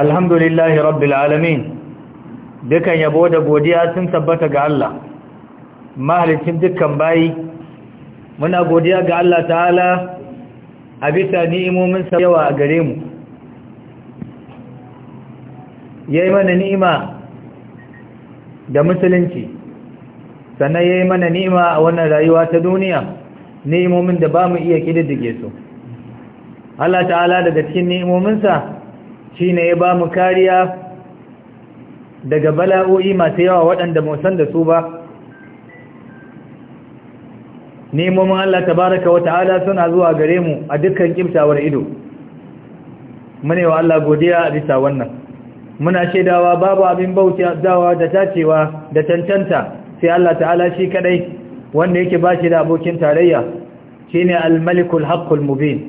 alhamdulillahi rabbil alamin dukan yabo da godiya sun tabbata ga Allah mahalicin dukkan bayi muna godiya ga Allah ta'ala a bisa ni'imomin sa yawa a gare mu yayi mana ni'ima da musulunci sannan yayi mana ni'ima a wannan rayuwa ta duniya ni'imomin da ba mu iya kididdige su Allah ta'ala daga cikin ni'imominsa shi ne ya ba mu kariya daga bala'o'i masu yawa waɗanda musan da su ba nemomin Allah baraka wa ta'ala suna zuwa gare mu a dukkan kimtawar ido mune wa Allah godiya a bisa wannan muna shaidawa babu abin bauta dawa da tacewa da tantanta sai Allah ta'ala shi kadai wanda yake shi da abokin tarayya shine al-malikul haqqul mubin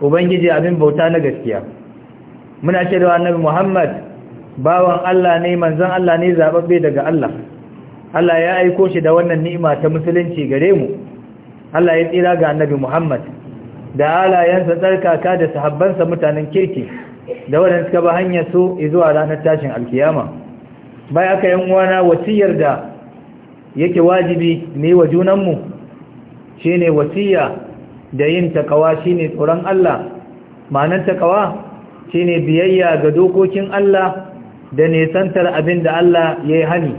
ubangiji abin bauta na gaskiya muna ce da annabi Muhammad bawan Allah ne manzon Allah ne zababbe daga Allah Allah ya aiko shi da wannan ni'ima ta musulunci gare mu Allah ya tsira ga annabi Muhammad da halayensa tsarkaka da sahabbansa mutanen kirki da waɗanda suka ba hanyar su zuwa ranar tashin alkiyama bai aka yi uwana wasiyar da yake wajibi ne wa junanmu shine wasiya da yin takawa shine tsoron Allah ma'anar takawa shine biyayya ga dokokin Allah da nesantar abin da Allah ya yi hani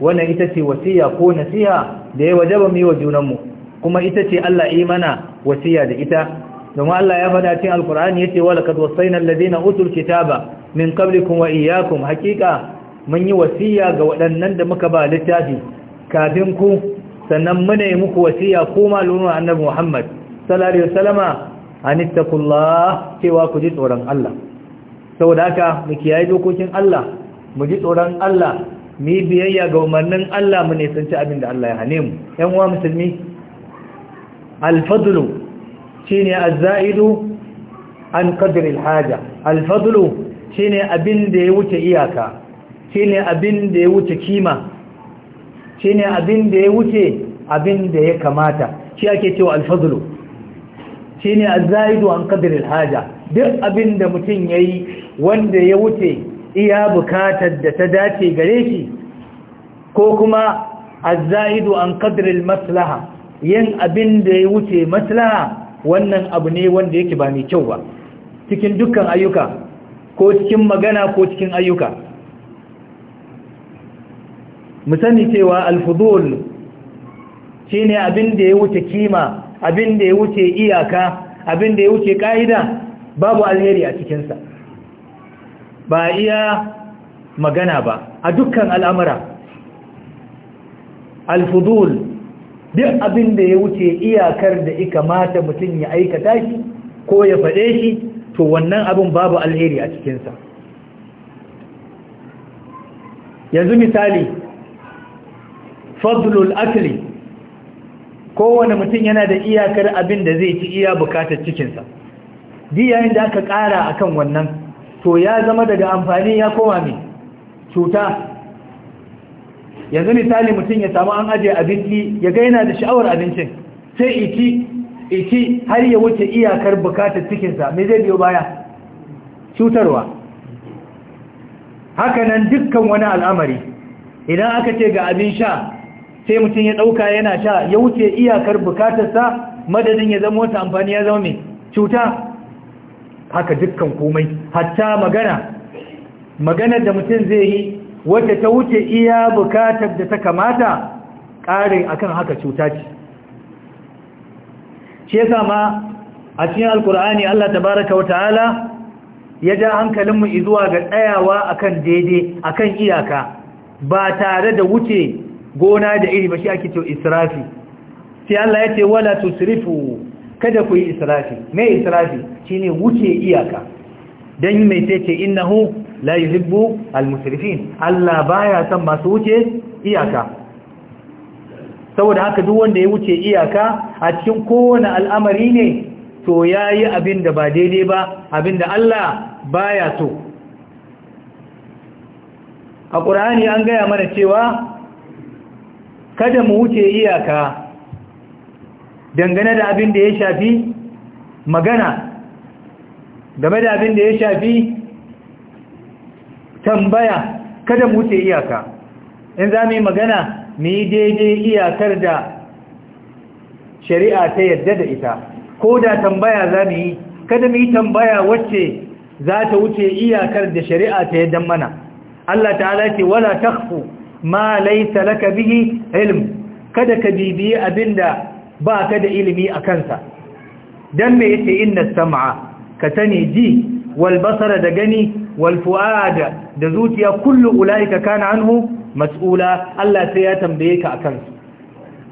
wannan ita ce wasiya ko nasiha da ya wajaba mu yi wa junanmu kuma ita ce Allah yi mana wasiya da ita domin Allah ya faɗa cikin alkur'ani yace walaqad na alladhina utul kitaba min qablikum wa iyakun" haqiqa mun yi wasiya ga waɗannan da muka ba littafi kafin ku sannan muna yi muku wasiya ko lu'un annabi Muhammad sallallahu alaihi wasallama anittakullah cewa ku ji tsoron Allah saboda haka mu kiyaye dokokin Allah mu ji tsoron Allah mu biyayya ga umarnin Allah mu ne abin da Allah ya hane mu ƴan uwa musulmi al-fadlu shine az-za'idu an qadri al-haja al-fadlu shine abin da ya wuce iyaka shine abin da ya wuce kima shine abin da ya wuce abin da ya kamata shi ake cewa al-fadlu ne a za'idu an qadri haja? duk abin da mutum yi wanda ya wuce iya bukatar da ta dace gare shi ko kuma a azaidu an qadri maslaha? yin abin da ya wuce maslaha wannan abu ne wanda yake ba mai kyau ba cikin dukkan ayyuka ko cikin magana ko cikin ayyuka mu sani cewa alfudul ne abin da ya wuce kima abin da ya wuce iyaka abin da ya wuce ka'ida babu alheri a cikinsa ba iya magana ba a dukkan al'amura alfudul duk abin da ya wuce iyakar da ika mata mutum ya aikata shi ko ya faɗe shi to wannan abin babu alheri a cikinsa yanzu misali fadlul akli kowane mutum yana da iyakar abin da zai ci iya bukatar cikinsa duk yayin da aka ƙara akan wannan to ya zama daga amfani ya koma mai cuta yanzu misali mutum ya samu an ajiye abinci ya gaina da sha'awar abincin sai iti iti har ya wuce iyakar bukatar cikinsa me zai biyo baya cutarwa hakanan dukkan wani al'amari idan aka ce ga abin sha sai mutum ya ɗauka yana sha ya wuce iyakar bukatarsa madadin ya zama wata amfani ya zama mai cuta haka dukkan komai hatta magana maganar da mutum zai yi wata ta wuce iya bukatar da ta kamata ƙarin akan haka cuta ce shi yasa ma a cikin alkur'ani Allah tabaraka wa ta'ala ya ja hankalinmu zuwa ga tsayawa akan daidai akan iyaka ba tare da wuce gona da iri ba shi ake cewa israfi sai Allah ya ce wala tusrifu kada ku yi israfi me israfi shine wuce iyaka dan mai sai ce innahu la yuhibbu almusrifin Allah baya son masu wuce iyaka saboda haka duk wanda ya wuce iyaka a cikin kowane al'amari ne to yayi abin da ba daidai ba abinda Allah baya so a ƙur'ani an gaya mana cewa kada mu wuce iyaka dangane da abin da ya shafi magana game da abin da ya shafi tambaya kada mu wuce iyaka in za mu yi magana mu yi daidai iyakar da shari'a ta yadda da ita ko da tambaya za mu yi kada mu yi tambaya wacce za ta wuce iyakar da shari'a ta yadda mana Allah ta'ala ce wala takfu. ma laysa laka bihi ilm kada ka bibiye abinda ba ka da ilimi a kansa dan me yace inna sam'a ka tani ji wal basara da gani wal fuada da zuciya kullu ulaika kana anhu mas'ula Allah sai ya tambaye ka akan su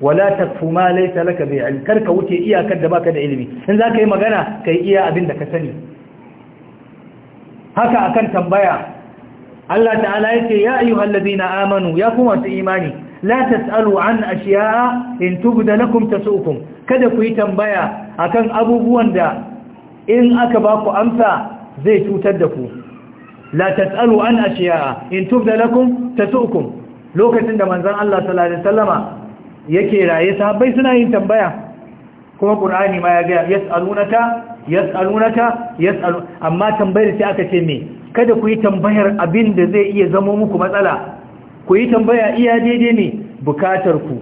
wala takfu ma laysa laka bi ilm karka wuce iyakar da baka da ilimi in zaka yi magana kai iya abinda ka sani haka akan tambaya Allah ta'ala yake ya ayyuhal ladina amanu ya kuma su imani la tasalu an ashiya'a in tubda lakum tasukum kada ku yi tambaya akan abubuwan da in aka ba ku amsa zai cutar da ku la tasalu an ashiya'a in tubda lakum tasukum lokacin da manzon Allah sallallahu alaihi wasallama yake raye sahabbai suna yin tambaya kuma Qur'ani ma ya ga yas'alunaka yas'alunaka yas'alu amma tambayar sai aka ce me kada ku yi tambayar abin da zai iya zama muku matsala ku yi tambaya iya daidai ne bukatar ku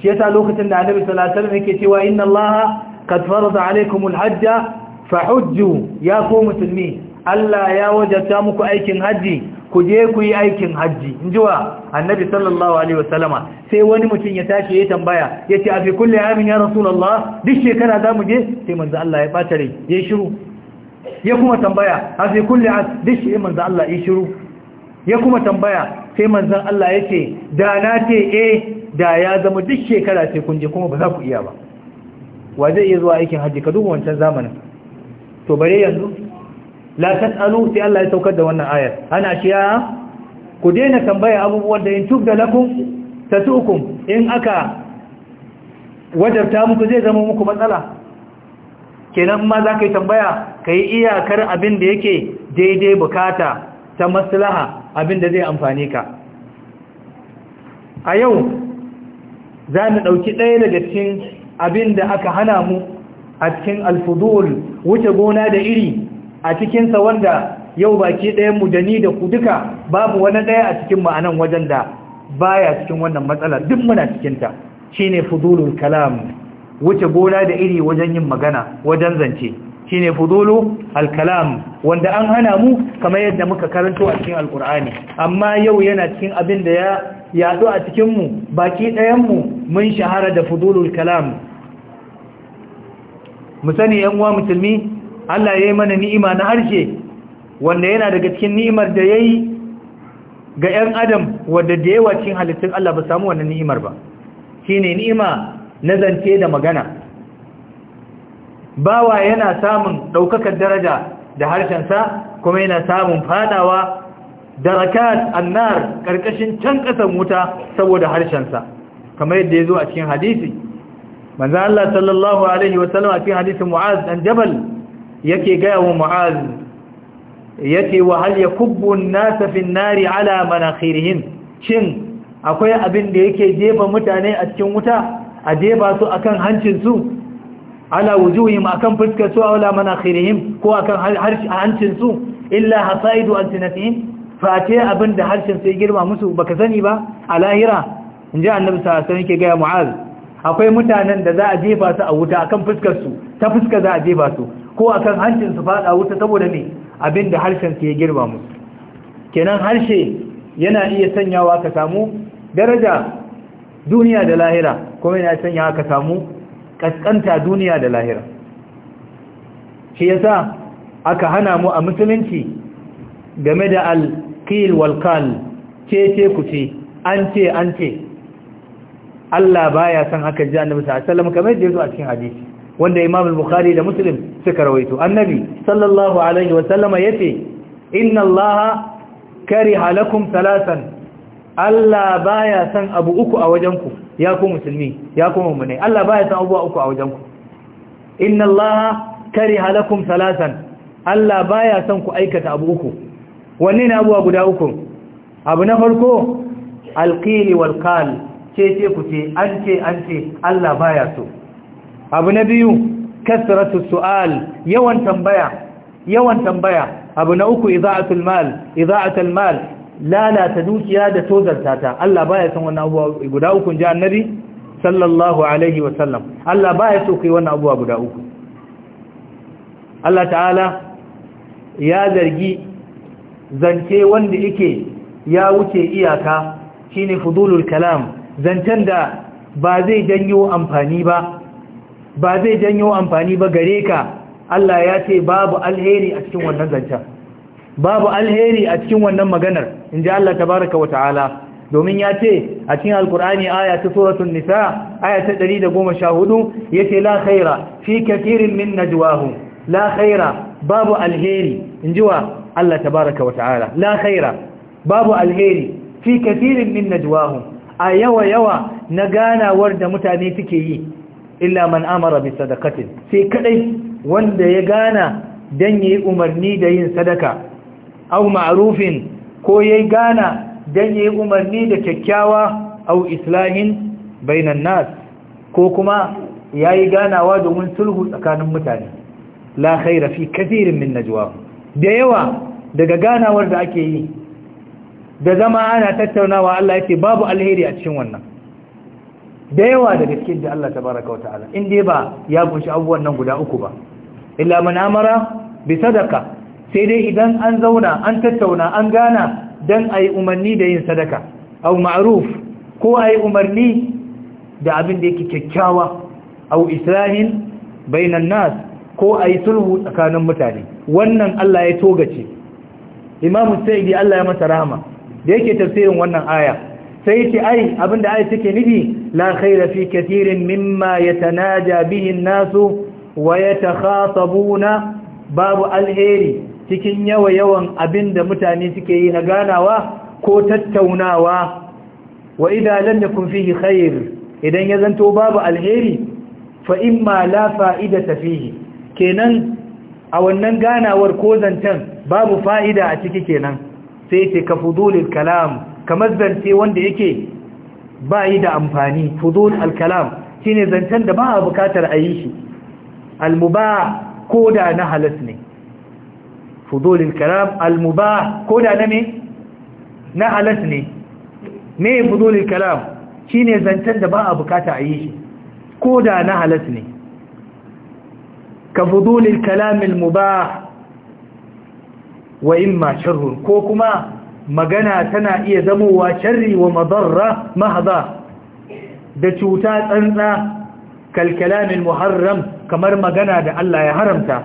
shi yasa lokacin da annabi sallallahu alaihi wasallam yake cewa inna allaha qad farada alaikum alhajja fahujju ya ku musulmi Allah ya wajabta muku aikin haji ku je ku yi aikin haji injiwa annabi sallallahu alaihi wasallama sai wani mutum ya tashi ya tambaya yace a fi kulli amin ya rasulullah duk shekara zamu je sai manzo Allah ya bata rai ya shiru ya kuma tambaya a fi kulle a duk shi manzan Allah ya shiru ya kuma tambaya sai manzan Allah ya ce da na ce e da ya zama duk shekara ce kun je kuma ba za ku iya ba wa zai iya zuwa aikin hajji ka duba wancan zamanin to bare yanzu la tas'alu sai Allah ya saukar da wannan ayar ana ya? ku daina tambaya abubuwan da in da lakum tasukum in aka wajabta muku zai zama muku matsala kenan ma za ka yi tambaya ka yi iyakar abin da yake daidai bukata ta maslaha abin da zai amfani ka a yau za mu ɗauki ɗaya daga cikin abin da aka hana mu a cikin alfudul wuce gona da iri a cikinsa wanda yau baki ɗayanmu da ni da ku duka babu wani ɗaya a cikin ma'anan wajen da baya cikin wannan matsalar duk muna cikinta ne fudulul kalam wuce gona da iri wajen yin magana wajen zance shine fudulu alkalam wanda an hana mu kamar yadda muka karanto a cikin alkur'ani amma yau yana cikin abin da ya yadu a cikin mu baki ɗayanmu mun shahara da fudulu kalam mu sani yan uwa musulmi Allah ya yi mana ni'ima na harshe wanda yana daga cikin ni'imar da yayi ga 'yan adam wadda da yawa cikin halittun Allah ba samu wannan ni'imar ba shine ni'ima na zance da magana bawa yana samun ɗaukakar daraja da harshensa kuma yana samun fadawa daraka, annar ƙarƙashin can ƙasar wuta saboda harshensa kamar yadda ya zo a cikin hadisi manzo Allah sallallahu alaihi wa a cikin hadisin Mu'az dan Jabal yake gaya wa Mu'az yake wa ya yakubbu an nari ala manakhirihim shin akwai abin da yake jefa mutane a cikin wuta a jeba su akan hancinsu ala wujuhim akan fuskar su mana khirihim ko akan hancinsu illa hasaidu alsinatihim fa ce abin da harshen sai girma musu ba ka sani ba a lahira in ji annabi sa sani ke gaya mu'az akwai mutanen da za a jefa su a wuta akan fuskar su ta fuska za a jefa su ko akan kan hancinsu fada wuta saboda me abin da harshen ya girma musu kenan harshe yana iya sanyawa ka samu daraja duniya da lahira kuma yana sanya haka samu ƙasƙanta duniya da lahira shi yasa aka hana mu a musulunci game da alkil wal ce ce ku ce an ce an ce Allah baya san haka ji annabi sallallahu alaihi wasallam kamar da yazo a cikin hadisi wanda Imam al-Bukhari da Muslim suka rawaito annabi sallallahu alaihi wasallam yace inna Allah kariha lakum salasan. Allah baya san abu uku a wajenku ya ku musulmi ya ku mu'mini Allah baya san abu uku a wajenku inna Allah kariha lakum salasan Allah baya san ku aikata abu uku wanne ne abuwa guda uku abu na farko alqili wal qal ce ce ku ce an ce an ce Allah baya so abu na biyu kasratu su'al yawan tambaya yawan tambaya abu na uku ida'atul mal ida'atul mal lalata dukiya da tozarta ta Allah baya son wannan abuwa guda uku ji annabi sallallahu alaihi wa sallam Allah baya so kai wannan abuwa guda uku Allah ta'ala ya zargi zance wanda yake ya wuce iyaka shine fudulul kalam zancen da ba zai janyo amfani ba ba zai janyo amfani ba gare ka Allah ya ce babu alheri a cikin wannan zancen babu alheri a cikin wannan maganar in ji Allah tabaraka wa ta'ala domin ya ce a cikin alkur'ani aya ta suratun nisa aya ta 114 yace la khaira fi kathirin min najwahum la khaira babu alheri in ji wa Allah tabaraka wa ta'ala la khaira babu alheri fi kathirin min najwahum a yawa yawa na ganawar da mutane suke yi illa man amara bi sadaqatin sai kadai wanda ya gana dan yayi umarni da yin sadaka au ma'rufin ko yayi gana dan yayi umarni da kyakkyawa au islahin bainan nas ko kuma yayi ganawa domin sulhu tsakanin mutane la khaira fi kathirin min najwa da yawa daga ganawar da ake yi da zama ana tattaunawa Allah yake babu alheri a cikin wannan da yawa daga cikin da Allah tabaraka wa ta'ala in dai ba ya kunshi abubuwan nan guda uku ba illa man amara bi sadaka sai dai idan an zauna an tattauna an gana don a yi umarni da yin sadaka au maaruf ko a yi umarni da abin da yake kyakkyawa au islahin bainan nas ko a yi sulhu tsakanin mutane wannan Allah ya togace imamu sayyidi Allah ya masa rahama da yake tafsirin wannan aya sai yace ai abinda aya take nufi la khaira fi katirin mimma yatanaja bihi an-nasu wa yatakhatabuna babu alheri cikin yawa yawan abin da mutane suke yi na ganawa ko tattaunawa wa idan lam yakun fihi khair idan ya zanto babu alheri fa imma la fa'idata fihi kenan a wannan ganawar ko zantan babu fa'ida a ciki kenan sai ce ka fudulil kalam kamar zance wanda yake ba yi da amfani fudul al-kalam shine zancen da ba a bukatar a yi shi al-mubah ko da na halas ne fudulil kalam al-mubah ko da na halas ne me fudulil kalam shine zancen da ba a bukata a yi shi ko da na halas ne ka fudulil kalam al-mubah wa imma sharrun ko kuma magana tana iya zamowa sharri wa madarra mahza da cuta tsantsa kal kalam muharram kamar magana da Allah ya haramta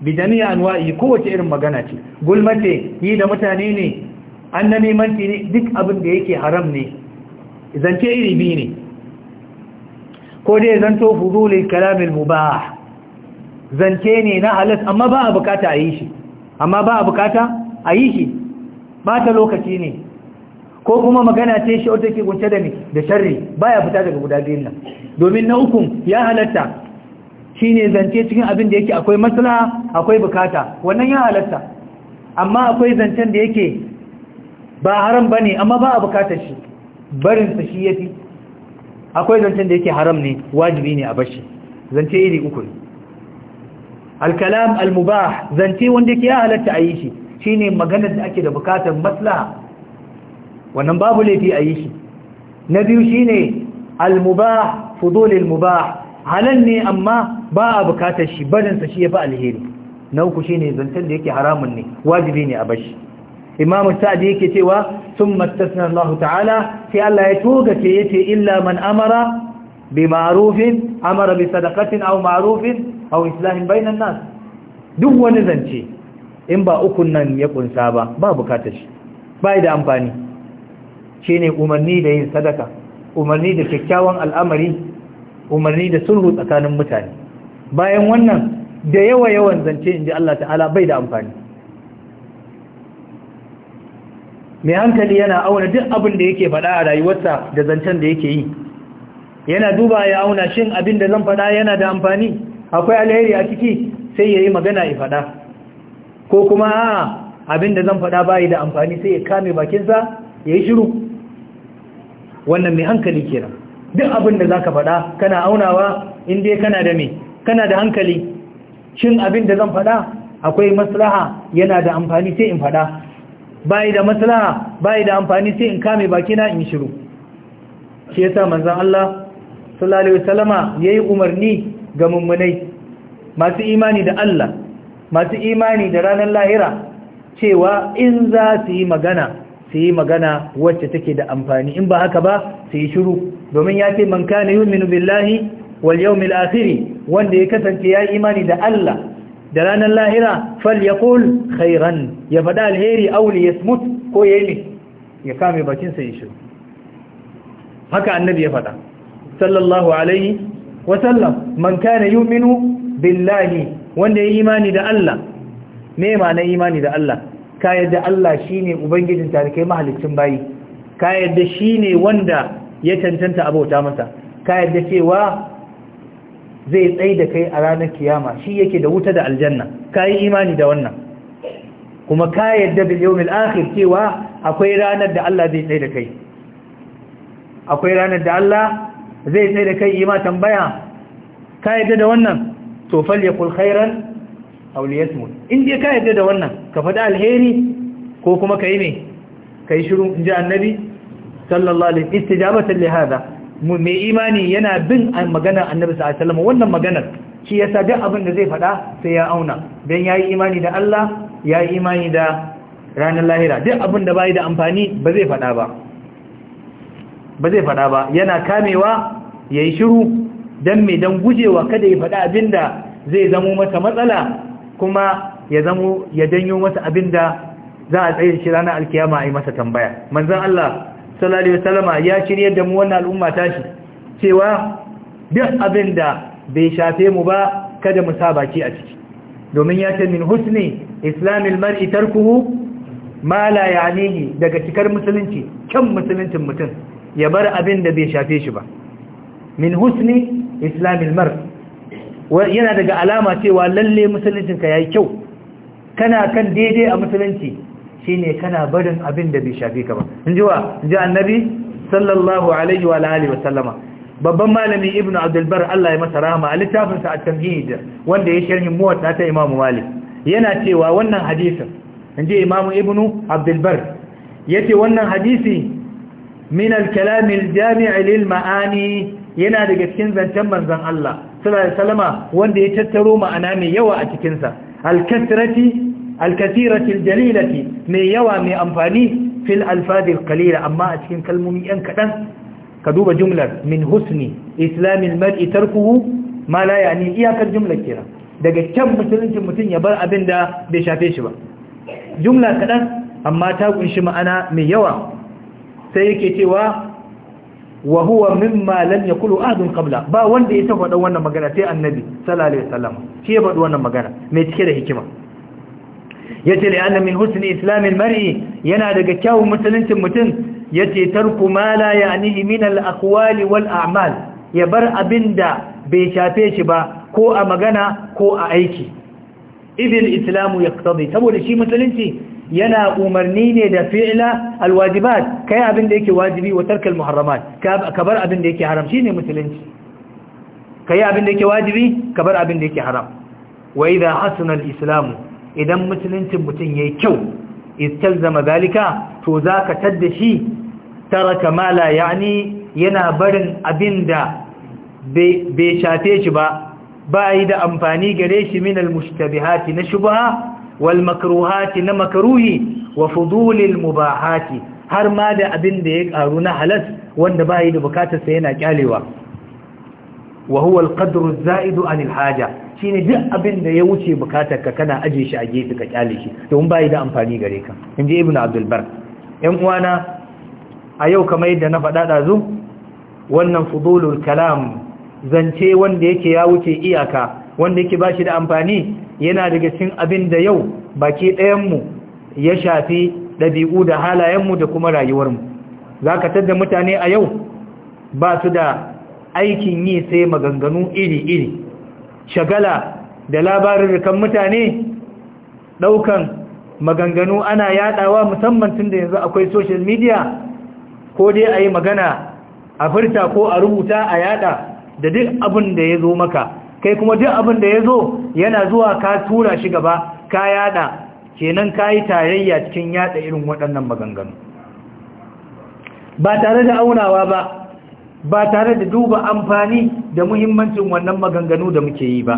bi jami'a anwa'i kowace irin magana ce gulmace yi da mutane ne an na neman ne duk abin da yake haram ne zance iri biyu ne ko dai zanto kalamin kalamil mubah zance ne na halas amma ba a bukata a yi shi amma ba a bukata a yi shi ba ta lokaci ne ko kuma magana ce shi wata ke kunce da ni da sharri baya fita daga guda biyun nan domin na ukun ya halatta Shi ne zance cikin abin da yake akwai matsala, akwai bukata wannan ya halatta amma akwai zancen da yake ba haram ba ne, amma ba a bukatar shi barin sa shi yafi akwai zancen da yake haram ne wajibi ne a bashi zance iri uku ne al-kalam al-mubah zance wanda yake ya halatta a yi shi shi ne maganar da ake da bukatar matsala. wannan babu laifi a yi shi na biyu shi al-mubah fudul al-mubah halal ne amma ba a bukatar shi barinsa shi ya fi alheri na uku shi ne zancen da yake haramun ne wajibi ne a bashi imam sa'adi yake cewa sun mattasna Allah ta'ala sai Allah ya toga ce yace illa man amara bi ma'rufin amara bi sadaqatin aw ma'rufin aw islahin bainan nas duk wani zance in ba ukun nan ya kunsa ba ba bukatar shi Ba da amfani ne umarni da yin sadaka umarni da kyakkyawan al'amari umarni da sulhu tsakanin mutane bayan wannan da yawa yawan zance inji Allah ta'ala bai da amfani mai hankali yana auna duk abin da yake faɗa a rayuwarsa da zancen da yake yi yana duba ya auna shin abin da zan faɗa yana da amfani akwai alheri a ciki sai ya yi magana ya faɗa ko kuma abin da zan faɗa bayi da amfani sai ya kame bakinsa ya yi shiru wannan mai hankali kenan duk abin da ka faɗa kana aunawa in dai kana da me kana da hankali shin abin da zan faɗa akwai maslaha yana da amfani sai in faɗa bai da maslaha bai da amfani sai in kame bakina in shiru shi yasa manzon Allah sallallahu alaihi wasallama yayi umarni ga mummunai masu imani da Allah masu imani da ranar lahira cewa in za su yi magana su yi magana wacce take da amfani in ba haka ba su yi shiru domin ya ce man kana yu'minu billahi wal mil akhir wanda ya kasance ya imani da Allah da ranar lahira falyaqul khairan ya faɗa alheri ya liyasmut ko yayi ya kame bakin sa ya shiru haka annabi ya faɗa sallallahu alaihi wa sallam man kana yu'minu billahi wanda ya imani da Allah me ma'anar imani da Allah ka yadda Allah shi ne ubangijin talikai mahalicin bayi ka yadda ne wanda ya cancanta abota masa ka yadda cewa zai tsaye da kai a ranar kiyama shi yake da wuta da aljanna ka yi imani da wannan kuma ka yadda bil yawmil akhir cewa akwai ranar da Allah zai tsaye da kai akwai ranar da Allah zai tsaye da kai ima tambaya ka yadda da wannan to falyakul khairan auliyatu in dai ka yarda da wannan ka faɗi alheri ko kuma kai me kai shiru in ji annabi sallallahu alaihi istijabatan li hada mai imani yana bin maganar annabi sallallahu alaihi wasallam wannan maganar shi yasa duk abin da zai faɗa sai ya auna dan yayi imani da Allah yayi imani da ranar lahira duk abin da bai da amfani ba zai faɗa ba ba zai faɗa ba yana kamewa yayi shiru dan me dan gujewa kada ya faɗa abinda zai zamo mata matsala kuma ya zamo ya janyo masa abin da za a tsaye shi ranar alkiyama a yi masa tambaya manzan Allah sallallahu alaihi wasallama ya shiryar da mu wannan al'umma tashi cewa duk abin da bai shafe mu ba kada mu sa baki a ciki domin ya ce min husni islamil mar'i tarkuhu ma la ya'nihi daga cikar musulunci kan musuluncin mutum ya bar abin da bai shafe shi ba min husni islamil mar'i yana daga alama cewa lalle musuluncinka yayi kyau kana kan daidai a musulunci shine kana barin abin da bai shafi ka ba inji wa inji annabi sallallahu alaihi wa alihi wa sallama babban malami ibn abdulbar Allah ya masa rahama a littafinsa a tamhid wanda ya sharhin muwatta ta imamu malik yana cewa wannan hadisin inji imamu ibn abdulbar ce wannan hadisi min al-kalam al lil ma'ani yana daga cikin zancen manzon Allah sallallahu alaihi wanda ya tattaro ma'ana mai yawa a cikin sa al-kathrati al-kathirati al-jalilati mai yawa mai amfani fil alfadi al-qalila amma a cikin kalmomi yan kadan ka duba jumlar min husni islamil mar'i tarkuhu ma la yani iyakar jumlar kira daga kyan musulunci mutum ya bar abin da bai shafe shi ba jumla kadan amma ta kunshi ma'ana mai yawa sai yake cewa wa huwa mimma lam yakulu ahadun qabla ba wanda ya tafa dan wannan magana sai annabi sallallahu alaihi wasallam shi ya faɗi wannan magana mai cike da hikima yace li anna min husni islamil mar'i yana daga kyawun musuluncin mutum yace tarku ma la ya'nihi min al aqwali wal a'mal ya bar abinda bai shafe shi ba ko a magana ko a aiki idil islamu yaqtadi saboda shi musulunci yana umarni ne da fi'la alwajibat kai abin da yake wajibi wa tarkal muharramat ka bar abin da yake haram shine musulunci kai abin da yake wajibi ka bar abin da yake haram wa idha hasana alislamu idan musuluncin mutun yayi kyau istalzama zalika to zaka tadda shi taraka ma la yani yana barin abin da bai shafe shi ba ba yi da amfani gare shi min almushtabihati na shubha wal makruhati na makruhi wa fudulil mubahati har ma da abin da ya karu na halas wanda bai da bukatar sa yana kyalewa wa huwa al zaidu an haja shine duk abin da ya wuce bukatar ka kana aje shi a gefe ka kyale shi don bai da amfani gare ka inji ibnu abdul bar yan uwana a yau kamar yadda na faɗa ɗazu wannan fudulul kalam zance wanda yake ya wuce iyaka wanda yake ba shi da amfani yana daga cikin abin da yau baki ɗayanmu ya shafi ɗabi'u da halayenmu da kuma rayuwarmu za ka tadda mutane a yau ba su da aikin yi sai maganganu iri-iri shagala da labarin rikan mutane ɗaukan maganganu ana yaɗawa musamman tun da yanzu akwai social media ko dai a yi magana a furta ko a rubuta a yada da duk abin da ya zo maka kai kuma duk abin da ya zo yana zuwa ka tura shi gaba ka yada kenan ka yi tarayya cikin yada irin waɗannan maganganu ba tare da aunawa ba ba tare da duba amfani da muhimmancin wannan maganganu da muke yi ba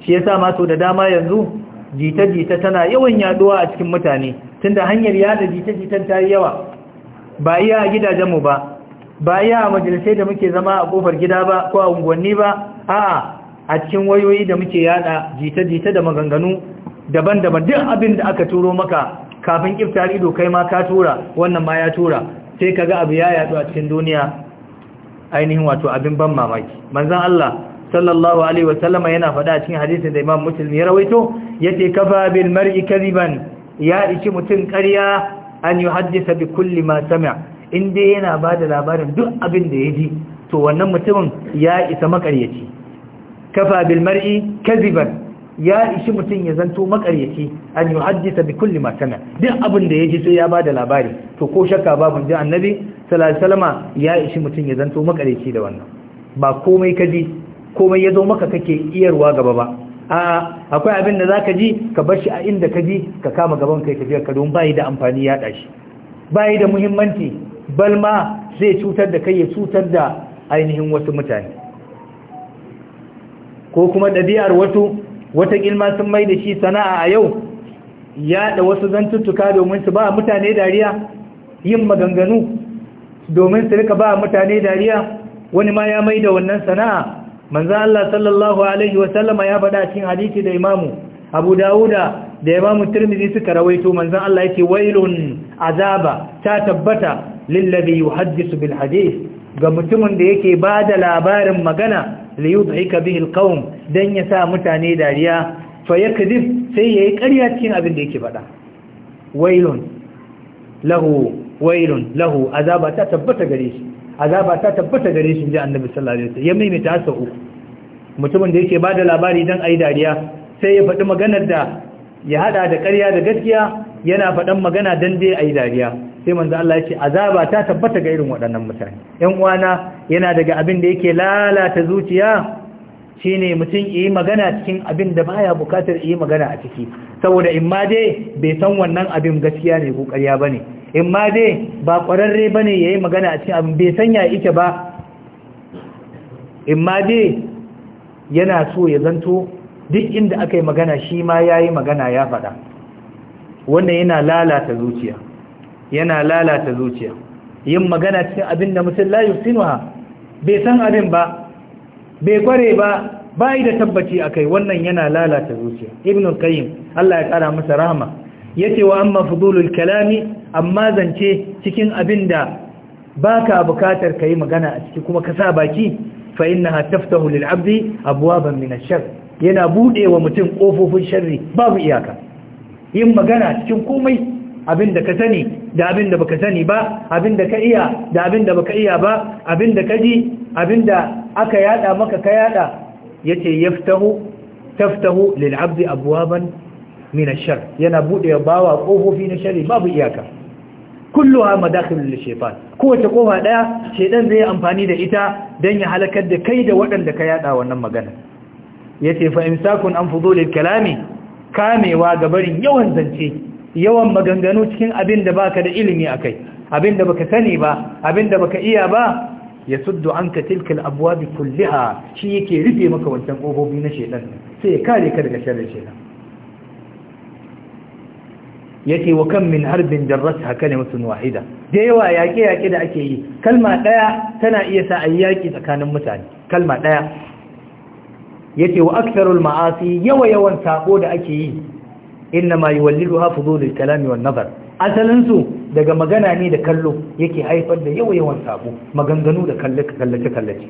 shi yasa masu da dama yanzu jita-jita tana yawan yaduwa a cikin mutane tunda hanyar yada jita-jitan ta yi yawa ba iya gidajenmu ba ba yi a majalisai da muke zama a kofar gida ba ko a unguwanni ba a a cikin wayoyi da muke yada jita-jita da maganganu daban-daban duk abin da aka turo maka kafin kiftar ido kai ma ka tura wannan ma ya tura sai kaga abu ya yadu a cikin duniya ainihin wato abin ban mamaki manzon Allah sallallahu alaihi sallama yana faɗa cikin hadisin da Imam Muslim ya rawaito yace kafa bil mar'i kadiban ya ishi mutun ƙarya an yuhaddisa bi kulli ma sami'a in dai yana ba da labarin duk abin da ya ji to wannan mutumin ya isa makaryaci kafa bil mar'i kaziban ya ishi mutum ya zanto makaryaci an yi yuhaddisa bi kulli ma duk abin da ya ji sai ya ba da labari to ko shakka babu ji annabi sallallahu alaihi wasallama ya ishi mutum ya zanto makaryaci da wannan ba komai kaji komai ya zo maka kake iyarwa gaba ba a akwai abin da zaka ji ka bar shi a inda ka ji ka kama gaban kai ka je ka don bai da amfani ya dashi bai da muhimmanci balma zai cutar da kai ya cutar da ainihin wasu mutane ko kuma ɗabi'ar wasu wata ilma sun mai da shi sana'a a yau yaɗa wasu zantuttuka domin su ba mutane dariya yin maganganu domin su rika ba mutane dariya wani ma ya mai da wannan sana'a manzo Allah sallallahu alaihi wa ya faɗa cikin hadisi da imamu Abu Dawuda da imamu Tirmidhi suka rawaito manzo Allah yake wailun azaba ta tabbata lillazi yuhaddisu bil hadith ga mutumin da yake bada labarin magana li yudhika bihi al qawm dan ya sa mutane dariya fa yakdib sai yayi ƙarya cikin abin da yake faɗa wailun lahu wailun lahu azaba ta tabbata gare shi azaba ta tabbata gare shi ji annabi sallallahu alaihi wasallam ya mimita sa uku mutumin da yake bada labari dan ayi dariya sai ya faɗi maganar da ya hada da karya da gaskiya yana faɗan magana dan dai ayi dariya sai manzo Allah ya ce azaba ta tabbata ga irin waɗannan mutane ɗan uwana yana daga abin da yake lalata zuciya shine mutum yi magana cikin abin da baya bukatar yi magana a ciki saboda in ma dai bai san wannan abin gaskiya ne ko ƙarya bane in ma dai ba ƙwararre bane yayi magana a cikin abin bai san ya yake ba in ma dai yana so ya zanto duk inda aka yi magana shi ma yayi magana ya faɗa wannan yana lalata zuciya yana lalata zuciya yin magana cikin abin da mutum layu sinuwa bai san abin ba bai kware ba bai da tabbaci a kai, wannan yana lalata zuciya ibn qayyim Allah ya kara masa rahama yace wa amma fudulul kalami amma zance cikin abin da baka bukatar yi magana a ciki kuma ka sa baki fa innaha taftahu lil abdi abwaban min ash-shar yana bude wa mutum kofofin sharri babu iyaka yin magana cikin komai abin da ka sani da abin da baka sani ba abin da ka iya da abin da baka iya ba abin da ka ji abin da aka yada maka ka yada yace yaftahu taftahu lil abdi abwaban min ash-shar yana bude bawa kofofi na shari babu iyaka kulluha madakhil shaytan kowace kofa daya shedan zai amfani da ita dan ya halakar da kai da waɗanda ka yada wannan magana yace fa imsakun an fudulil kalami kamewa ga barin yawan zance yawan maganganu cikin abin da baka da ilimi akai abin da baka sani ba abin da baka iya ba ya suddu anka tilkal abuwa abwab kullaha shi yake rufe maka wancan kofofi na shedan sai ya kare ka daga sharrin shedan yake wa kam min harbin jarratha kalimatun wahida da yawa yaƙe yaƙe da ake yi kalma ɗaya tana iya sa ayi yaƙi tsakanin mutane kalma ɗaya yake wa aktharul ma'asi yawa yawan sako da ake yi innama yuwalliduha fudulul kalami wan nazar asalin su daga magana ne da kallo yake haifar da yawan sabo maganganu da kallace kallace kallace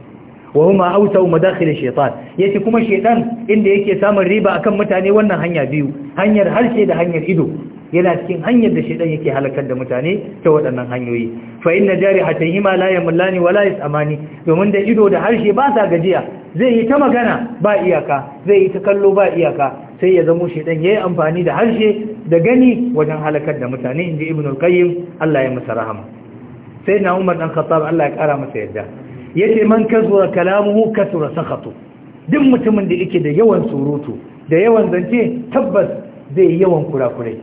wa huma awsau madakhil shaytan yace kuma shaytan inda yake samun riba akan mutane wannan hanya biyu hanyar harshe da hanyar ido yana cikin hanyar da shaytan yake halakar da mutane ta waɗannan hanyoyi fa inna jarihatayhima la yamullani wa la yasamani domin da ido da harshe ba sa gajiya zai yi ta magana ba iyaka zai yi ta kallo ba iyaka sai ya zamo shi shedan yayi amfani da harshe da gani wajen halakar da mutane inji ibn al-qayyim Allah ya masa rahama sai na Umar dan Khattab Allah ya kara masa yadda yace man kasura kalamuhu kasura sakhatu duk mutumin da yake da yawan surutu da yawan zance tabbas zai yi yawan kurakurai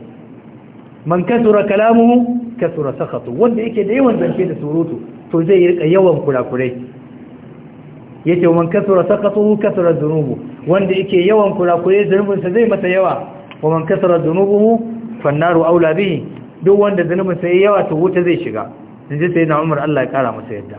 man kasura kalamuhu kasura sakhatu wanda yake da yawan zance da surutu to zai rika yawan kurakurai yace man kasura sakhatu kasura dhunubu wanda yake yawan kurakure zanubinsa zai masa yawa wa man kasara zunubuhu fannaru aula bihi duk wanda zanubinsa yayi yawa to wuta zai shiga inji sai na Umar Allah ya kara masa yadda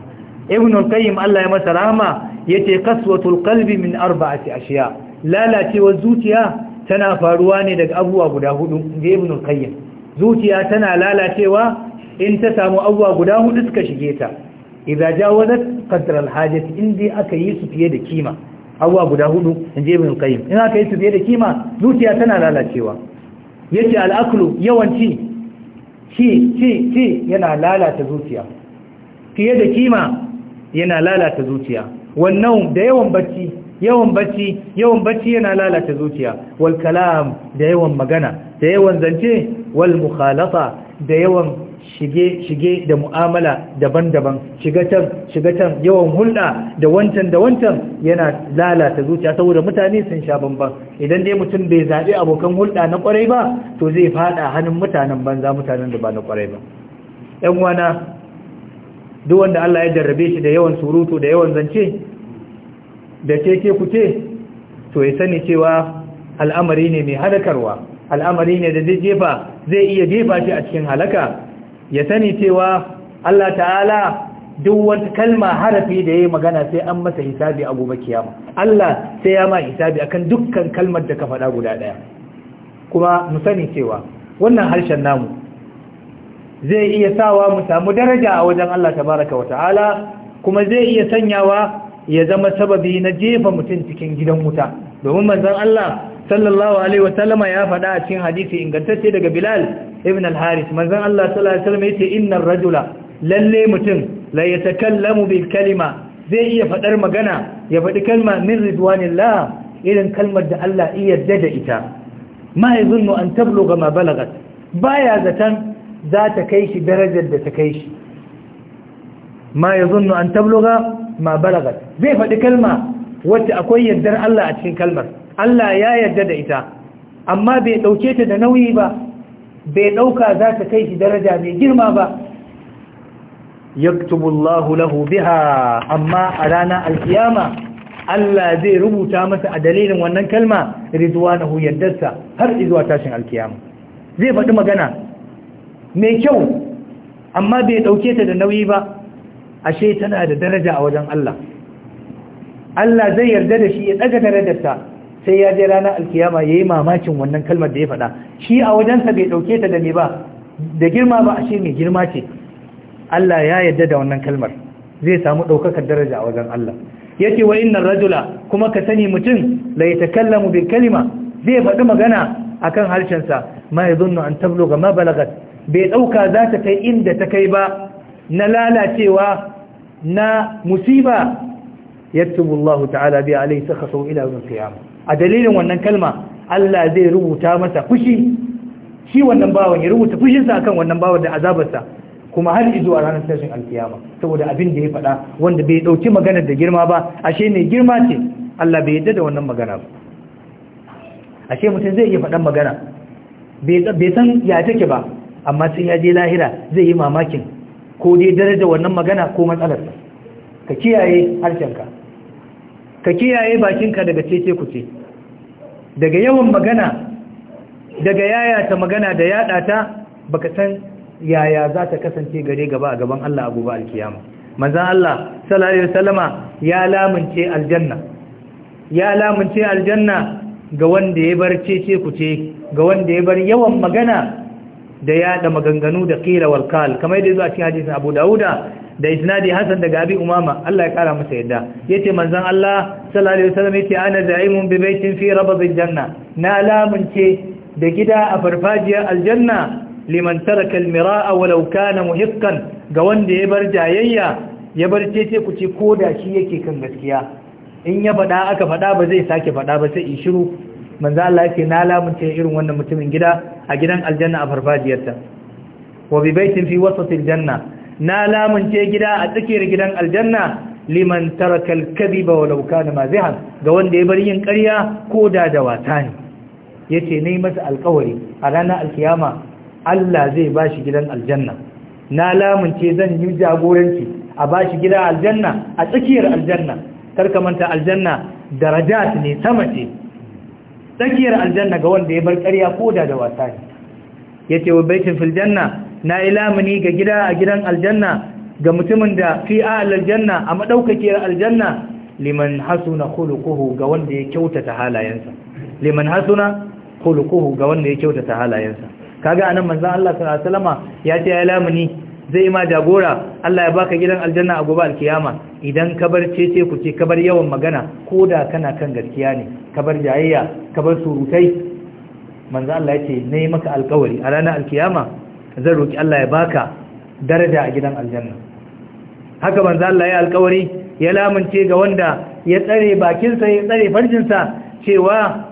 Ibn qayyim Allah ya masa rahama yace qaswatul qalbi min arba'ati ashiya lalacewar zuciya tana faruwa ne daga abuwa guda hudu ga Ibn qayyim zuciya tana lalacewa in ta samu abuwa guda hudu suka shige ta idza jawazat qadra al-hajati indi aka yi su fiye da kima abuwa guda hudu in je ibn kai. ina aka yi su da kima zuciya tana lalacewa yace al'aklu yawanci ci ci ci yana lalata zuciya fiye da kima yana lalata zuciya wannan da yawan bacci yawan bacci yawan bacci yana lalata zuciya wal kalam da yawan magana da yawan zance wal mukhalafa da yawan shige shige da mu'amala daban-daban shiga can shiga can yawan hulɗa da wancan da wancan yana lalata zuciya saboda mutane sun sha banban idan dai mutum bai zaɓi abokan hulɗa na ƙwarai ba to zai faɗa hannun mutanen banza mutanen da ba na ƙwarai ba Yan wana duk Allah ya jarrabe shi da yawan surutu da yawan zance da keke kuce to ya sani cewa al'amari ne mai halakarwa al'amari ne da zai jefa zai iya jefa shi a cikin halaka ya sani cewa Allah ta'ala duk wata kalma harafi da ya magana sai an masa hisabi a gobe kiyama Allah sai ya ma hisabi akan dukkan kalmar da ka faɗa guda ɗaya kuma mu sani cewa wannan harshen namu zai iya sawa mu samu daraja a wajen Allah tabaraka wa ta'ala kuma zai iya sanyawa ya zama sababi na jefa mutum cikin gidan wuta domin manzon Allah sallallahu alaihi wasallama ya faɗa a cikin hadisi ingantacce daga Bilal ibn al haris manzon Allah sallallahu alaihi wasallam yace innar rajula lalle mutum la yatakallamu bil kalima zai iya faɗar magana ya faɗi kalma min ridwanillah irin kalmar da Allah iya dada da ita ma yazunnu an tabluga ma balagat baya zatan za ta kai shi darajar da ta kai shi ma yazunnu an tabluga ma balagat zai faɗi kalma wacce akwai yardar Allah a cikin kalmar Allah ya yarda da ita amma bai ɗauke ta da nauyi ba bai ɗauka za ta kai shi daraja mai girma ba yaktubullahu lahu biha amma a rana alkiyama Allah zai rubuta masa a dalilin wannan kalma ridwanahu yardarsa har izuwa tashin alkiyama zai faɗi magana mai kyau amma bai ɗauke ta da nauyi ba ashe tana da daraja a wajen Allah Allah zai yarda da shi ya ɗaga daradarsa. sai ya je ranar alkiyama ya yi mamakin wannan kalmar da ya faɗa shi a wajensa bai ɗauke ta da me ba da girma ba ashe mai girma ce Allah ya yarda da wannan kalmar zai samu ɗaukakar daraja a wajen Allah yace wa innar rajula kuma ka sani mutum la yatakallamu bil kalima zai faɗi magana akan harshen sa ma yadhunnu an tabluga ma balagat bai dauka za ta kai inda ta kai ba na lalacewa na musiba yaktubu Allah ta'ala bi alayhi sakhasu ila yawm al a dalilin wannan kalma Allah zai rubuta masa fushi shi wannan bawan ya rubuta fushinsa akan wannan bawan da azabarsa kuma har izuwa a ranar tashin alkiyama saboda abin da ya faɗa wanda bai ɗauki maganar da girma ba ashe ne girma ce Allah bai yadda da wannan magana ba ashe mutum zai iya faɗan magana bai san ya take ba amma sai ya je lahira zai yi mamakin ko dai daraja wannan magana ko matsalarsa ka kiyaye harshenka ka kiyaye bakinka daga cece kuce daga yawan magana daga ta magana da yada ta baka san yaya za ta kasance gare gaba a gaban Allah a gobe alkiyama manzon Allah sallallahu alaihi wasallama ya lamunce aljanna ya lamunce aljanna ga wanda ya bar cece kuce ga wanda ya bar yawan magana da yada maganganu da qila wal qal kamar yadda zuwa cikin hadisin Abu Dawuda da isnadi hasan daga abi umama Allah ya kara masa yadda yace manzon Allah sallallahu alaihi wasallam yace ana za'imun bi baitin fi rabdil janna na lamunce da gida a farfajiyar aljanna liman taraka almira'a walau kana muhiqqan ga wanda ya bar jayayya ya bar cece ku ce da shi yake kan gaskiya in ya fada aka fada ba zai sake fada ba sai in shiru manzo Allah yake na lamunce irin wannan mutumin gida a gidan aljanna a farfajiyarta wa bi baitin fi wasati janna. na lamunce gida a tsakiyar gidan aljanna liman tarakal kadiba walau kana mazihan ga wanda ya bar yin ƙarya ko da da wata ne yace nayi masa alƙawari a ranar alkiyama Allah zai bashi gidan aljanna na lamunce zan yi jagoranci a bashi gida aljanna a tsakiyar aljanna karka manta aljanna su ne sama ce tsakiyar aljanna ga wanda ya bar ƙarya ko da da wata ne yace wa baitin fil janna na lamuni ga gida a gidan aljanna ga mutumin da fi a aljanna a madaukakiyar aljanna liman hasuna khuluquhu ga wanda ya kyautata halayensa liman hasuna khuluquhu ga wanda ya kyautata halayensa kaga anan manzon Allah sallallahu alaihi wasallama ya ce lamuni zai ma jagora Allah ya baka gidan aljanna a gobe alkiyama idan ka bar cece ku ce ka bar yawan magana ko da kana kan gaskiya ne ka bar jayayya ka bar surutai manzo Allah ya ce nayi maka alƙawari a ranar alkiyama zan roƙi Allah ya baka daraja a gidan aljanna haka manzo Allah ya alƙawari ya lamunce ga wanda ya tsare bakinsa ya tsare farjinsa cewa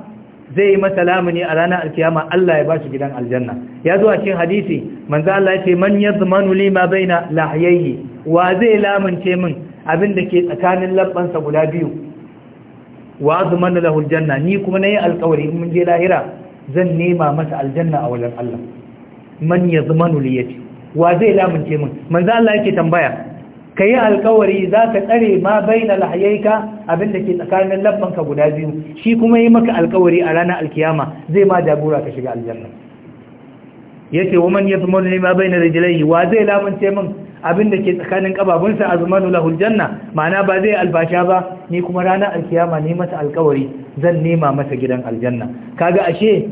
zai masa lamuni a ranar alkiyama Allah ya bashi gidan aljanna ya zuwa cikin hadisi manzo Allah ya ce man yazmanu li ma baina lahayyi wa zai lamunce min abin da ke tsakanin labbansa guda biyu wa zamanu lahu aljanna ni kuma nayi alƙawari in mun je lahira zan nema masa aljanna a wajen Allah man yazmanu li yati wa zai lamunce min manzo Allah yake tambaya kai alƙawari za ka tsare ma baina abin abinda ke tsakanin labbanka guda biyu shi kuma yi maka alƙawari a ranar alkiyama zai ma jagora ka shiga aljanna yace wa man yazmanu li ma baina rijlaihi wa zai lamunce min abinda ke tsakanin kababunsa azmanu lahul janna ma'ana ba zai albasha ba ni kuma ranar alkiyama ne masa alkawari zan nema masa gidan aljanna kaga ashe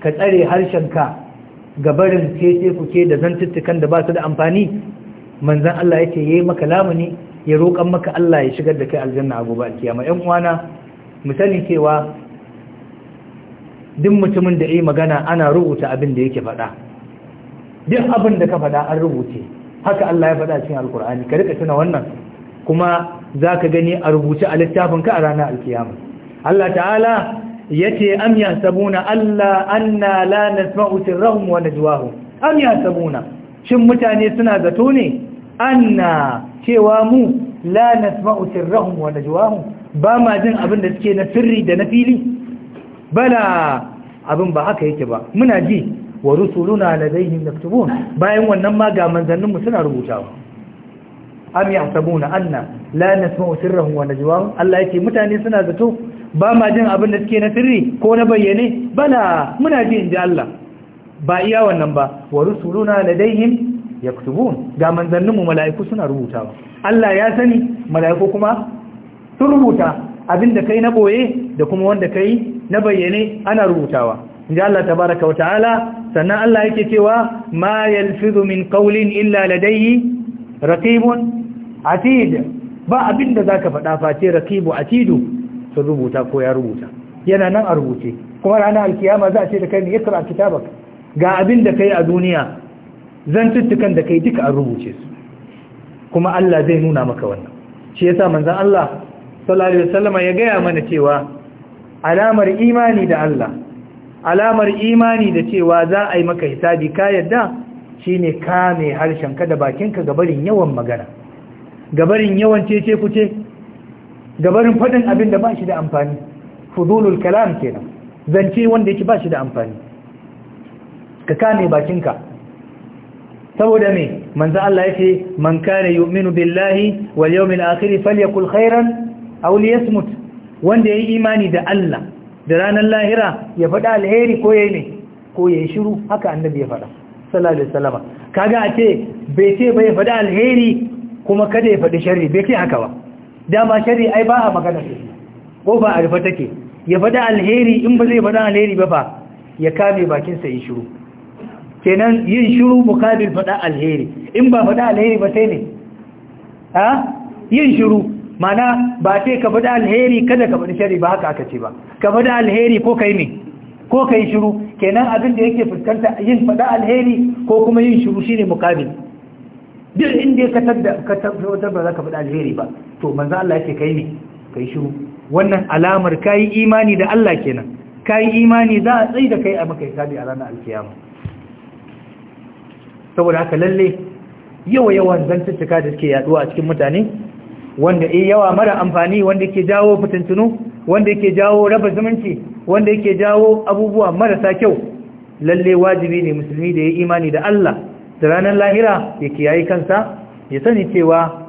ka tsare harshen ka. gabarin ku kuke da zantuttukan da ba su da amfani manzan Allah ya ce ya yi maka lamuni ya roƙon maka Allah ya shigar da kai aljanna a ba alkiyama ƴan uwana misali cewa duk mutumin da ya yi magana ana rubuta abin da yake faɗa duk abin da ka faɗa an rubuce haka Allah ya faɗa cikin alkur'ani ka rika tuna wannan kuma za ka gani a rubuce a littafin ka a ranar alkiyama Allah ta'ala yace am yahsabuna alla anna la nasma'u sirrahum wa najwahum am sabuna shin mutane suna zato ne anna cewa mu la nasma'u sirrahum wa najwahum ba ma jin abin da suke na sirri da na fili bala abin ba haka yake ba muna ji wa rusuluna ladaihim yaktubun bayan wannan ma ga manzannin mu suna rubutawa am ya sabuna anna la nasma'u sirrahum wa najwahum Allah yake mutane suna zato ba ma jin abin da suke na sirri ko na bayyane Bana. muna ji inji Allah ba iya wannan ba wa rusuluna ladaihim yaktubun ga manzanninmu mala'iku suna rubutawa Allah ya sani mala'iku kuma sun rubuta abin da kai na boye da kuma wanda kai na bayyane ana rubutawa inji Allah tabaraka wa ta'ala sannan Allah yake cewa ma yalfizu min qawlin illa ladayhi raqibun atid ba abin da zaka faɗa face raqibu atidu sun rubuta ko ya rubuta yana nan a rubuce kuma ranar alkiyama za a ce da kai ne ya kira kitabak ga abin da kai a duniya zan zantuttukan da kai duka a rubuce su kuma Allah zai nuna maka wannan shi yasa manzon Allah sallallahu alaihi wasallam ya gaya mana cewa alamar imani da Allah alamar imani da cewa za a yi maka hisabi ka yadda shine harshen ka da bakinka gabarin yawan magana Ga barin yawan cece kuce da faɗin abin da ba shi da amfani fudulul kalam kenan zance wanda yake ba shi da amfani ka kame bakinka saboda me manzo Allah yace man kana yu'minu billahi wal yawmil akhir falyakul khairan aw liyasmut wanda yayi imani da Allah da ranar lahira ya faɗa alheri ko yayi ne ko yayi shiru haka annabi ya faɗa sallallahu alaihi wasallam kaga a ce bai ce bai faɗa alheri kuma kada ya faɗi sharri bai ce haka ba dama shari ai ba a magana su ko ba a rufe take ya faɗa alheri in ba zai faɗa alheri ba ba ya kame bakin sa yin shiru kenan yin shiru mukabil faɗa alheri in ba faɗa alheri ba sai ne ha yin shiru mana ba sai ka faɗa alheri kada ka faɗi shari ba haka aka ce ba ka faɗa alheri ko kai ne ko kai shiru kenan abin da yake fuskanta yin faɗa alheri ko kuma yin shiru shine mukabil duk inda ya tabda ka ba za ka faɗa alheri ba to manzo Allah yake kai ne kai shiru wannan alamar kai imani da Allah kenan kai imani za a tsayi da kai a maka hisabi a ranar alkiyama saboda haka lalle yawa yawan zantuttuka da suke yaduwa a cikin mutane wanda eh yawa mara amfani wanda yake jawo fitintunu wanda yake jawo raba zumunci wanda yake jawo abubuwa marasa kyau lalle wajibi ne musulmi da ya imani da Allah Da ranar lahira ya kiyayi kansa ya sani cewa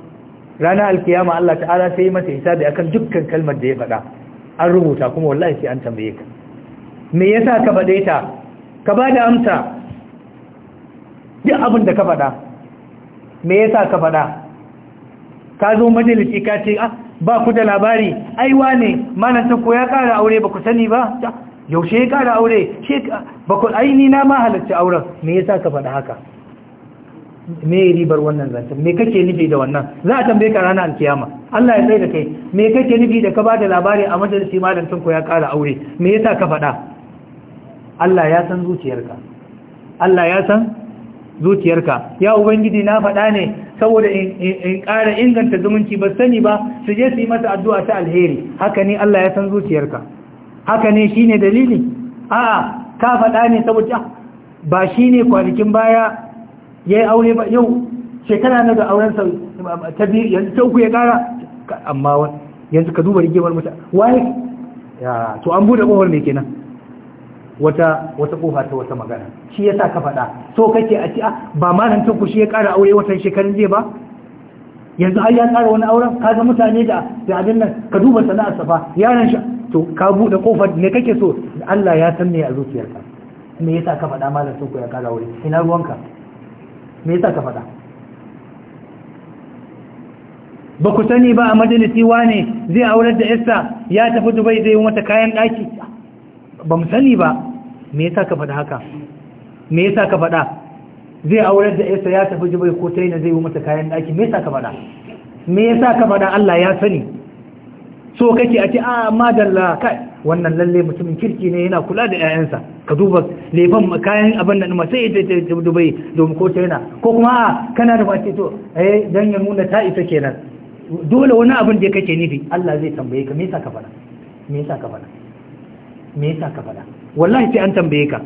ranar alkiyama Allah ta'ala sai masa hisabi akan dukkan kalmar da ya faɗa an rubuta kuma wallahi sai an tambaye ka me yasa ka faɗe ta ka ba da amsa duk abin da ka faɗa me yasa ka faɗa ka zo majalisi ka ce ah ba ku da labari wane ne ta ko ya ƙara aure ba ku sani ba yaushe ya ƙara aure ba ku aini na ma halarci auren me yasa ka faɗa haka me ribar wannan zancen me kake nufi da wannan za a tambaye ka ranar alkiyama Allah ya tsaye da kai me kake nufi da ka ba da labari a majalisi malantin ko ya kara aure me yasa ka faɗa Allah ya san zuciyarka Allah ya san zuciyarka ya ubangiji na faɗa ne saboda in ƙara inganta zumunci ba sani ba su je su yi masa addu'a ta alheri haka ne Allah ya san zuciyarka haka ne shine dalili a'a ka faɗa ne saboda ah, ba shine kwanakin baya ya yi aure ba yau shekara na da auren sa ta biyu yanzu ta uku ya kara amma yanzu ka duba rigimar mutum, waye ya to an bude kofar ne kenan wata wata kofa ta wata magana shi ya sa ka faɗa so kake a ci ah, ba ma nan tanku shi ya kara aure watan shekarun jiya ba yanzu har ya kara wani auren ka ga mutane da da abin nan ka duba sana'ar safa yaran shi to ka bude kofar ne kake so Allah ya san me a zuciyarka me yasa ka faɗa malam ku ya kara aure ina ruwanka me yasa ka fada, ba ku sani ba a majalisi wane zai aurar da Esther ya tafi Dubai zai yi mata kayan daki? ba mu sani ba me yasa ka fada haka me yasa ka fada zai aurar da Esther ya tafi Dubai ko taina zai yi mata kayan daki? me yasa ka fada? me yasa ka fada Allah ya sani so kake a ce a ah, madalla kai wannan lalle mutumin kirki ne yana kula da 'ya'yansa ka duba lefan kayan abin da mace ita ta dubai domin ko ta yana ko kuma a kana da mace to eh dan ya nuna ta ita kenan dole wani abin da kake nufi Allah zai tambaye ka me yasa ka fada me yasa ka fada me yasa ka fada wallahi sai an tambaye ka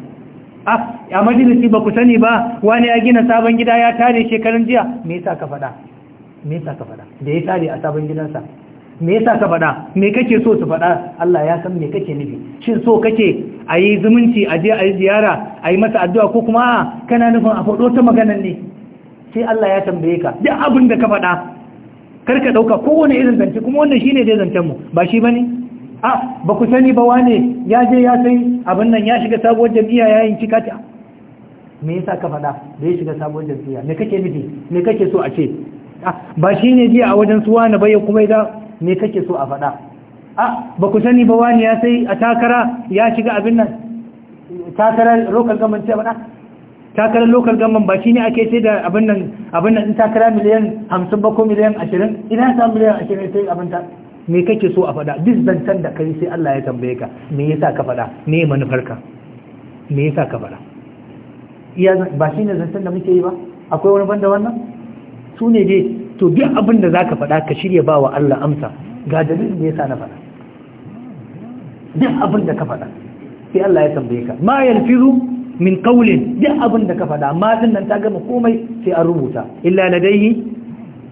ah, a majalisi ba ku sani ba wani ya gina sabon gida ya tare shekarun jiya me yasa ka fada me yasa ka fada da ya tare a sabon gidansa me yasa ka faɗa me kake so su faɗa Allah ya san me kake nufi shin so kake a yi zumunci a je a yi ziyara a yi masa addu'a ko kuma kana nufin a faɗo ta maganan ne sai Allah ya tambaye ka duk abin da ka faɗa karka ɗauka kowane irin zance kuma wannan shine dai zancen mu ba shi bane a ba ku sani ba wane ya je ya sai abin nan ya shiga sabuwar jam'iyya ya yi cikata me yasa ka faɗa da ya shiga sabuwar jam'iyya me kake nufi me kake so a ce ba shi ne jiya a wajen suwa na bayan kuma ya me kake so a faɗa a ba ku sani ba wani ya sai a takara ya shiga abin nan takarar local government ce faɗa takarar local government ba shi ne ake ce da abin nan abin nan takara miliyan hamsin ba ko miliyan ashirin ina sa miliyan ashirin sai abin ta me kake so a faɗa duk zancen da kai sai Allah ya tambaye ka me yasa ka faɗa me manufarka me yasa ka faɗa iya ba shi ne zancen da muke yi ba akwai wani banda wannan su ne dai to duk abin da zaka faɗa ka shirya ba wa Allah amsa ga dalilin da yasa na faɗa duk abin da ka faɗa sai Allah ya tambaye ka ma yalfizu min qawlin duk abin da ka faɗa Amma din nan ta gama komai sai an rubuta illa ladayhi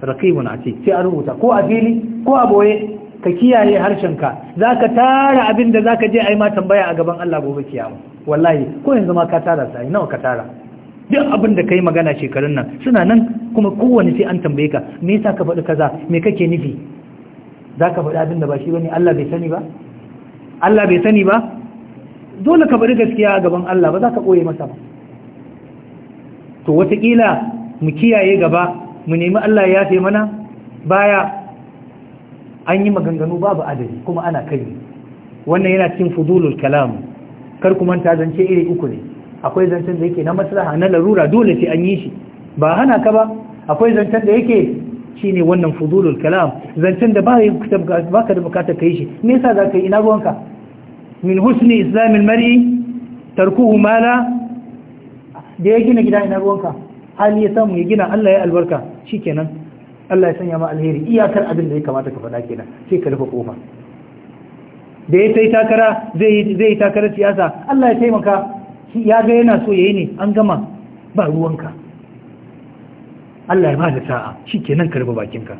raqibun atid sai an rubuta ko a fili ko a boye ka kiyaye harshenka ka. Zaka tara abin da zaka je a yi ma tambaya a gaban Allah gobe kiyama wallahi ko yanzu ma ka tara sai nawa ka tara duk abin da yi magana shekarun nan suna nan kuma kowane sai an tambaye ka me yasa ka faɗi kaza me kake nufi za ka faɗi abin da ba shi bane Allah bai sani ba Allah bai sani ba dole ka faɗi gaskiya gaban Allah ba za ka ɓoye masa ba to wataƙila mu kiyaye gaba mu nemi Allah ya yafe mana baya an yi maganganu babu adadi kuma ana kai wannan yana cikin fudulul kalam kar kuma ta zance iri uku ne akwai zancen da yake na maslaha na larura dole sai an yi shi ba hana ka ba akwai zancen da yake shine wannan fudulul kalam zancen da ba ka da bukatar kai shi me yasa za ka yi ina ruwanka min husni islamin mari tarkuhu mala da ya gina gida ina ruwanka hali ya samu ya gina Allah ya albarka shikenan Allah ya sanya ma alheri iyakar abin da ya kamata ka faɗa kenan sai ka rufe kofa da ya sai takara zai yi takarar siyasa Allah ya taimaka ya ga yana so ya yi ne an gama ba ruwanka Allah ya ba da sa'a shi ke nan karba bakinka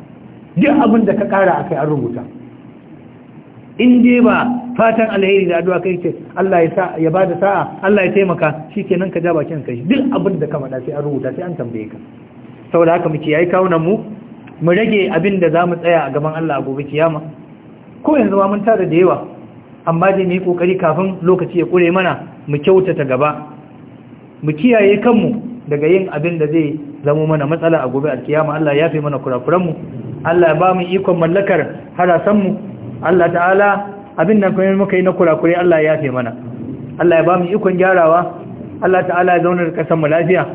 duk abin da ka kara a kai an rubuta in dai ba fatan alheri da addu'a kai ce Allah ya sa ya ba da sa'a Allah ya taimaka shi ke nan ka ja bakin kai duk abin da ka faɗa sai an rubuta sai an tambaye ka saboda haka muke yayi kawunan mu mu rage abin da za mu tsaya a gaban Allah a gobe kiyama ko yanzu ma mun tara da yawa amma dai mu yi kokari kafin lokaci ya kure mana mu kyautata gaba mu kiyaye kanmu daga yin abin da zai zama mana matsala a gobe alkiyama Allah ya fi mana kurakuranmu Allah ya ba mu ikon mallakar harasanmu Allah ta'ala abin nan kuma muka yi na kurakure Allah ya fi mana Allah ya ba mu ikon gyarawa Allah ta'ala ya zauna da kasan mu lafiya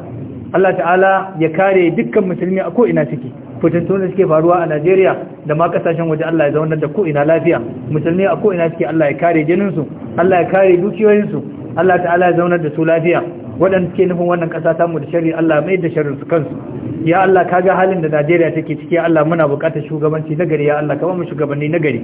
Allah ta'ala ya kare dukkan musulmi a ko ina suke fitattun da suke faruwa a Najeriya da ma kasashen waje Allah ya zauna da ko ina lafiya musulmi a ko ina suke Allah ya kare jininsu Allah ya kare dukiyoyinsu Allah ta'ala ya zaunar da su lafiya waɗanda suke nufin wannan ƙasa ta da shari'a. Allah mai da shari'a su kansu ya Allah ka ga halin da Najeriya take ciki Allah muna buƙatar shugabanci na gari ya Allah ka ba mu shugabanni na gari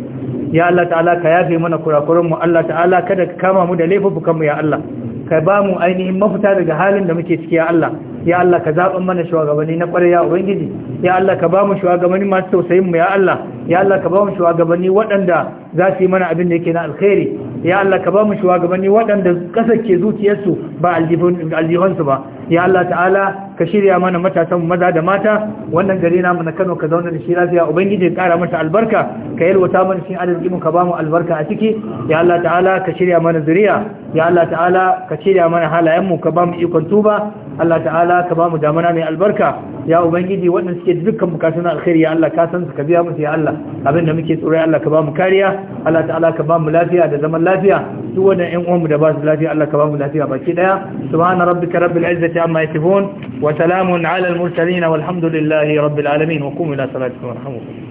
ya Allah ta'ala ka yafe mana kurakuran mu Allah ta'ala kada ka kama mu da laifukan mu ya Allah ka ba mu ainihin mafita daga halin da muke ciki ya Allah ya Allah ka zaɓa mana shugabanni na ƙwarai ya ubangiji ya Allah ka ba mu shugabanni masu tausayin mu ya Allah ya Allah ka ba mu shugabanni waɗanda za su yi mana abin da yake na alkhairi ya Allah ka ba mu shugabanni waɗanda ke zuciyarsu ba aljihunsu ba ya Allah ta'ala ka shirya mana matasan maza da mata wannan gari mu na Kano ka zauna da shi lafiya ubangiji ya kara mata albarka ka yalwata mana shi arziki ka ba mu albarka a ciki ya Allah ta'ala ka shirya mana zuriya ya Allah ta'ala ka shirya mana halayen mu ka ba mu ikon tuba Allah ta'ala ka ba mu damana mai albarka ya ubangiji waɗanda suke dukkan bukatun alkhairi ya Allah ka san su ka biya musu ya Allah abin da muke tsoro ya Allah ka ba mu kariya Allah ta'ala ka ba mu lafiya da zaman lafiya duk wanda ƴan uwanmu da ba su lafiya Allah ka ba mu lafiya baki daya subhana rabbika rabbil izzati amma yasifun wa salamun ala al mursalin walhamdulillahi rabbil alamin wa qumu ila salatikum warhamukum